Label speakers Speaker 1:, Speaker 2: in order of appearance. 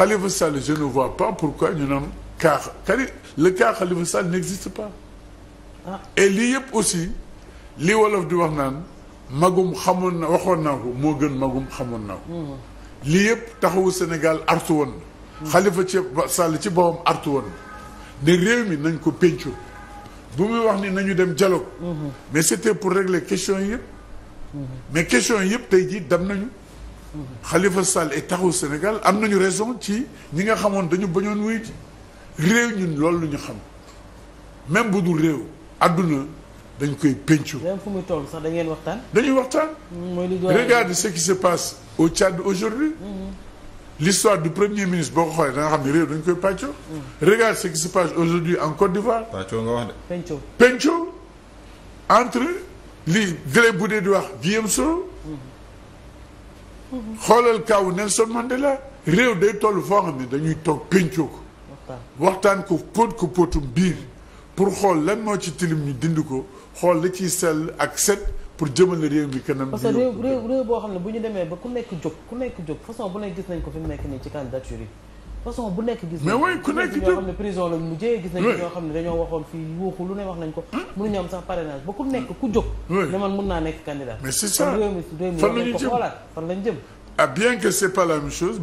Speaker 1: Khalifa Sall je ne vois pas pourquoi ñu naan cas Khali le cas Khalifa Sall n'existe pas. Ah. et lii yëpp aussi li wolof di wax naan magum xamoon na waxoon naa ko moo gën magum xamoon naa ko. Hmm. lii yëpp taxawu Sénégal artu woon na. Hmm. Khalifa ci Sall ci boppam artu woon na ne réew mi nañ ko pencu bu muy wax ni nañu dem dialogue. Hmm. mais c'était pour régler question yëpp. mais question yëpp tey jii dem nañu. Khalifa Sall et Taxawu Sénégal am nañu raison ci ñi nga xamoon dañu bañoon wuy ji réew ñun loolu ñu xam même bu dul réew àdduna dañ koy pencu. même fu mu toll sax da ngeen waxtaan. dañuy waxtaan. mooy li regarde ce qui se passe au Tchad aujourd'hui mm-hmm. l'histoire du premier ministre boo ko xoolee da nga xam ne réew dañ koy pàccoo. Mm-hmm. regarde ce qui se passe aujourd'hui en Côte d'Ivoire. pàccoo nga wax de. penco penco entre li Gré Boudé di wax Guillaume Soro. Mm-hmm. xoolal kaw Nelson Mandela réew day toll foo xam ne dañuy toog péncoo ko waxtaan ko póot ko póotum biir pour xool lan moo ci tilim ñu dind ko xool li ciy sell ak set pour jëmale réew mi kanam. parce
Speaker 2: boo xam ne bu ñu demee ba ku nekk jóg ku nekk jóg façon bu nekk gis nañ ko fi mu nekk nii ci candidature yi. façon bu nekk gis mais oui ku nekk ñoo xam ne prison ñoo xam ne dañoo waxoon fii yuuxu lu ne wax nañ ko hmm? mënuñu am sax parrainage ba ku nekk ku jóg ne man mën naa nekk candidat mais c'est ça fan
Speaker 1: lañu jëm ah bien que c'est pas la même chose